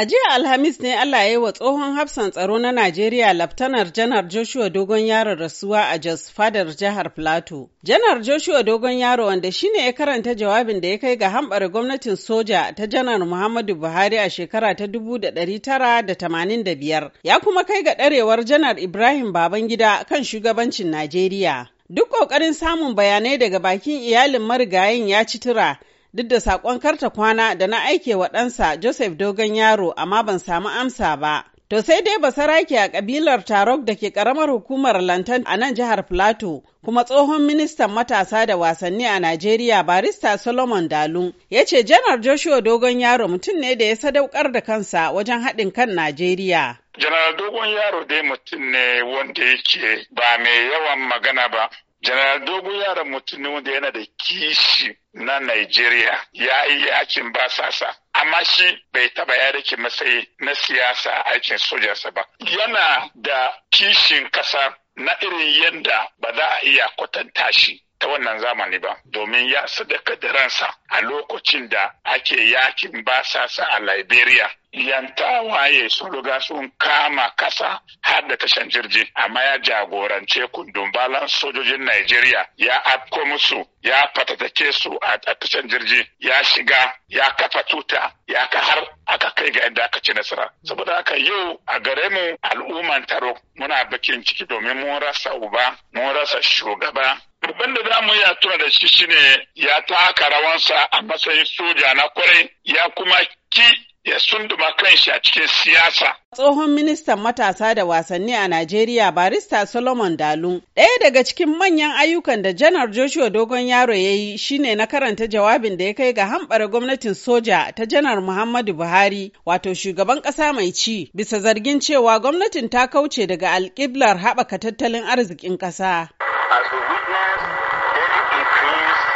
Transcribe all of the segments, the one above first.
A jiya Alhamis ne Allah ya yi wa tsohon hafsan tsaro na Najeriya Laftanar Janar Joshua Dogon Yaro rasuwa a Jos Fadar Jihar Plateau. Janar Joshua Dogon Yaro wanda shine ya karanta jawabin da ya kai ga hambar gwamnatin soja ta Janar Muhammadu Buhari a shekara ta 1985 ya kuma kai ga ɗarewar Janar Ibrahim Babangida kan shugabancin Najeriya. Duk ƙoƙarin samun bayanai daga bakin iyalin marigayin ya ci tura duk da saƙon karta kwana da na aike wa ɗansa Joseph Dogon Yaro amma ban samu amsa ba. To sai dai basarake a ƙabilar Tarok da ke karamar hukumar Lantan a nan jihar Plateau kuma tsohon ministan matasa da wasanni a Najeriya barista Solomon Dalu ya ce janar Joshua Dogon Yaro mutum ne da ya sadaukar da kansa wajen haɗin kan Najeriya. Janar Dogon Yaro dai mutum ne wanda yake ba mai yawan magana ba, Janaral Dogo yaran mutum ne wanda yana da kishi na Najeriya ya yi yakin basasa. Amma shi bai taba ya rike matsayi na siyasa aikin sojansa ba. Yana da kishin kasa na irin yadda ba za a iya kwatanta shi ta wannan zamani ba domin ya sadaka da ransa a lokacin da ake yakin basasa a Liberia yan tawaye sun riga sun kama kasa har da tashan jirgi amma ya jagorance kundin balan sojojin Najeriya ya afko musu ya fatatake su a tashan jirgi ya shiga ya kafa tuta ya ka har aka kai ga inda aka ci nasara saboda haka yau a gare mu al'umman taro muna bakin ciki domin mun rasa uba mun rasa shugaba Babban da za mu yi tuna da shi shine ya taka rawansa a matsayin soja na kwarai ya kuma ki ya sunduma kanshi a cikin siyasa. Tsohon ministan matasa da wasanni a Najeriya barista Solomon dalu Ɗaya daga cikin manyan ayyukan da Janar Joshua Dogon Yaro ya yi shine na karanta jawabin da ya kai ga hambar gwamnatin soja ta Janar Muhammadu Buhari wato shugaban ƙasa mai ci bisa zargin cewa gwamnatin ta kauce daga alƙiblar haɓaka tattalin arzikin ƙasa.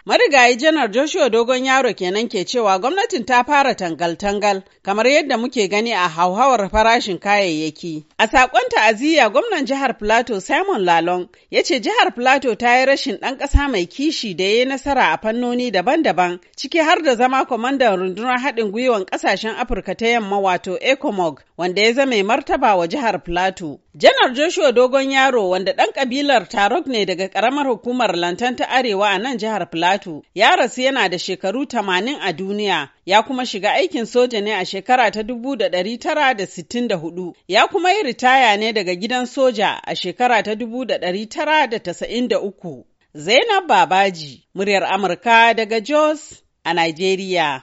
Marigayi Janar Joshua Dogon Yaro kenan ke cewa gwamnatin ta fara tangal-tangal kamar yadda muke gani a hauhawar farashin kayayyaki. A sakon ta'aziyya gwamnan jihar Plateau Simon Lalong ya ce jihar Plateau ta yi rashin ɗan ƙasa mai kishi da ya yi nasara a fannoni daban-daban ciki har da zama kwamandan rundunar haɗin gwiwan ƙasashen Afirka ta yamma wato ECOMOG wanda ya zama martaba wa jihar Plateau. Janar Joshua Dogon Yaro wanda ɗan ƙabilar Tarok ne daga ƙaramar hukumar Lantan ta Arewa a nan jihar Plateau ya rasu yana da shekaru tamanin a duniya ya kuma shiga aikin soja ne a shekara ta 1964 ya kuma yi ritaya ne daga gidan soja a shekara ta 1993. Zainab Babaji, muryar Amurka daga Jos a Nigeria.